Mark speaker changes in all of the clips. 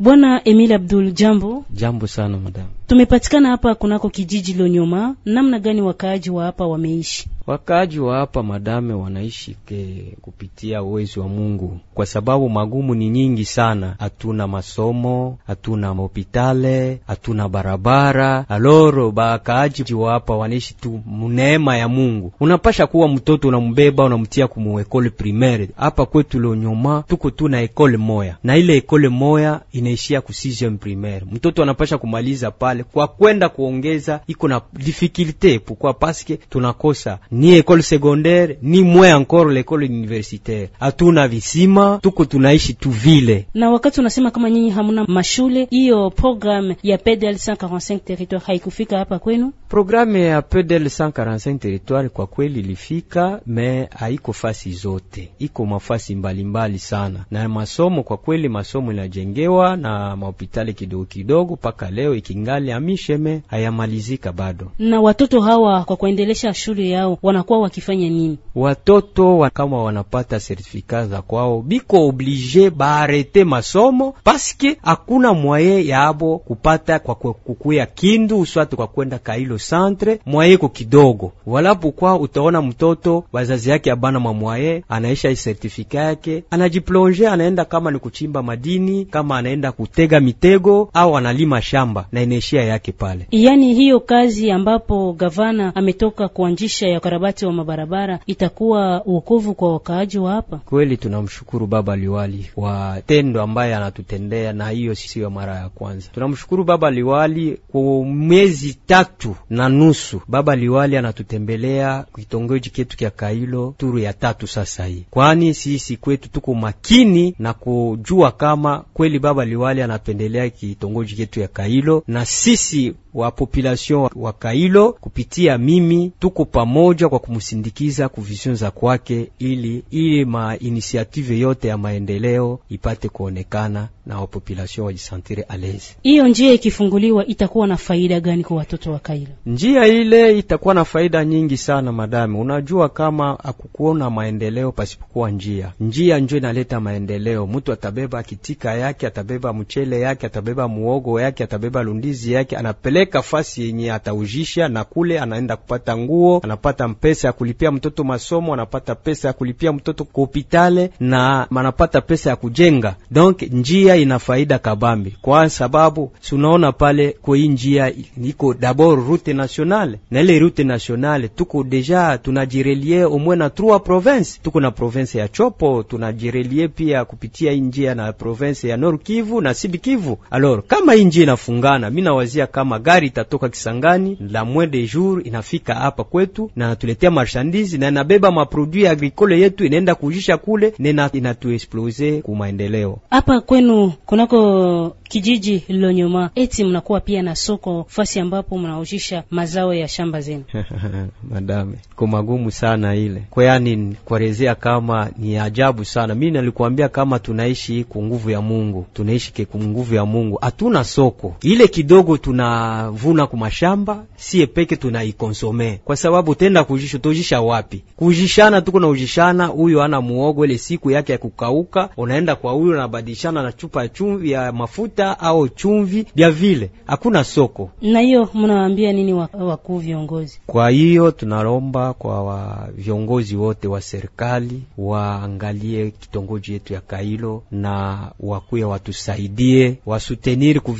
Speaker 1: Bwana Emil Abdul, jambo.
Speaker 2: Jambo sana madam.
Speaker 1: Tumepatikana hapa kunako kijiji Lonyoma. Namna gani wakaaji wa hapa wameishi?
Speaker 2: Wakaaji wa hapa madame, wanaishi ke kupitia uwezo wa Mungu, kwa sababu magumu ni nyingi sana. Hatuna masomo, hatuna hopitale, hatuna barabara. Aloro bakaaji wa hapa wanaishi tu mneema ya Mungu. Unapasha kuwa mtoto unambeba unamtia kumu ekole primaire. Hapa kwetu Lonyoma tuko tu na ekole moya, na ile ekole moya inaishia ku 6 primaire. Mtoto anapasha kumaliza pale pale kwa kwenda kuongeza iko na difficulté pourquoi parce que tunakosa ni école secondaire ni moins encore l'école universitaire, hatuna visima, tuko tunaishi tu vile.
Speaker 1: Na wakati unasema kama nyinyi hamuna mashule, hiyo programme ya PDL 145 territoire haikufika hapa kwenu?
Speaker 2: Programu ya PEDEL 145 territoire kwa kweli ilifika, me haiko fasi zote, iko mafasi mbalimbali sana. Na masomo kwa kweli, masomo inajengewa na mahopitali kidogo kidogo, mpaka leo ikingali amisheme hayamalizika bado.
Speaker 1: Na watoto hawa kwa kuendelesha shule yao wanakuwa wakifanya nini?
Speaker 2: Watoto wa, kama wanapata sertifika za kwao, biko oblige baarete masomo paske hakuna mwaye yabo kupata kwa kukuya kindu uswatu kwa kwenda kailo centre mwaye ko kidogo, wala utaona mtoto wazazi yake abana mwa mwaye anaisha isertifika yake, anajiplonge anaenda kama ni kuchimba madini, kama anaenda kutega mitego au analima shamba na inaishia yake pale.
Speaker 1: Yani hiyo kazi ambapo gavana ametoka kuanzisha ya ukarabati wa mabarabara itakuwa uokovu kwa
Speaker 2: wakaaji wa hapa. Kweli tunamshukuru baba liwali wa tendo ambaye anatutendea, na hiyo siyo mara ya kwanza. Tunamshukuru baba liwali kwa miezi tatu na nusu. Baba liwali anatutembelea kitongoji ketu kya Kailo turu ya tatu sasa hii, kwani sisi kwetu tuko makini na kujua kama kweli baba liwali anapendelea kitongoji ketu ya Kailo, na sisi wa population wa Kailo kupitia mimi tuko pamoja kwa kumsindikiza kuvision za kwake, ili ili mainisiative yote ya maendeleo ipate kuonekana na wa population wajisantire alezi.
Speaker 1: Hiyo njia ikifunguliwa itakuwa na faida gani kwa watoto wa Kailo?
Speaker 2: njia ile itakuwa na faida nyingi sana madame. Unajua kama akukuona maendeleo pasipokuwa njia, njia njo inaleta maendeleo. Mtu atabeba kitika yake, atabeba mchele yake, atabeba muogo yake, atabeba lundizi yake, anapeleka fasi yenye ataujisha, na kule anaenda kupata nguo, anapata pesa ya kulipia mtoto masomo, anapata pesa ya kulipia mtoto kopitale, na anapata pesa ya kujenga. Donc njia ina faida kabambi, kwa sababu sunaona pale kwa njia iko dabor route route nationale, na ile route nationale tuko deja tunajirelie omwe na trois province. Tuko na province ya Chopo, tunajirelie pia kupitia njia na province ya Nord Kivu na Sud Kivu. Alors kama njia inafungana, mimi nawazia kama gari itatoka Kisangani la moins de jour inafika hapa kwetu na tuletea marchandise na inabeba maproduit agricole yetu inaenda kujisha kule na inatuexplose kumaendeleo
Speaker 1: hapa kwenu kunako kijiji Lonyoma. Eti mnakuwa pia na soko fasi ambapo mnaujisha kuboresha mazao ya shamba zenu?
Speaker 2: Madame, ko magumu sana ile kwa, yani kuelezea kama ni ajabu sana. Mi nalikuambia kama tunaishi ku nguvu ya Mungu, tunaishi ku nguvu ya Mungu, hatuna soko. Ile kidogo tunavuna kumashamba si peke tunaikonsome, kwa sababu tenda kujisho tojisha wapi? Kujishana tuko na ujishana, huyo ana muogo, ile siku yake ya kukauka, unaenda kwa huyo unabadilishana na chupa ya chumvi ya mafuta au chumvi bya vile, hakuna soko.
Speaker 1: Na hiyo mnawaambia nini? nini wakuu viongozi.
Speaker 2: Kwa hiyo tunalomba kwa wa viongozi wote wa serikali waangalie kitongoji yetu ya Kailo na wakuya watusaidie wasuteniri ku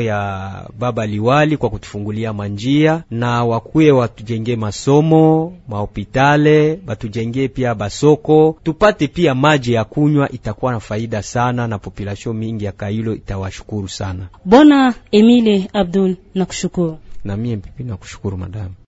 Speaker 2: ya baba liwali kwa kutufungulia manjia, na wakuye watujenge masomo mahopitale, batujenge pia basoko, tupate pia maji ya kunywa. Itakuwa na faida sana na populasio mingi ya Kailo itawashukuru sana. Bona Emile Abdul, nakushukuru na mie mpipi na kushukuru madamu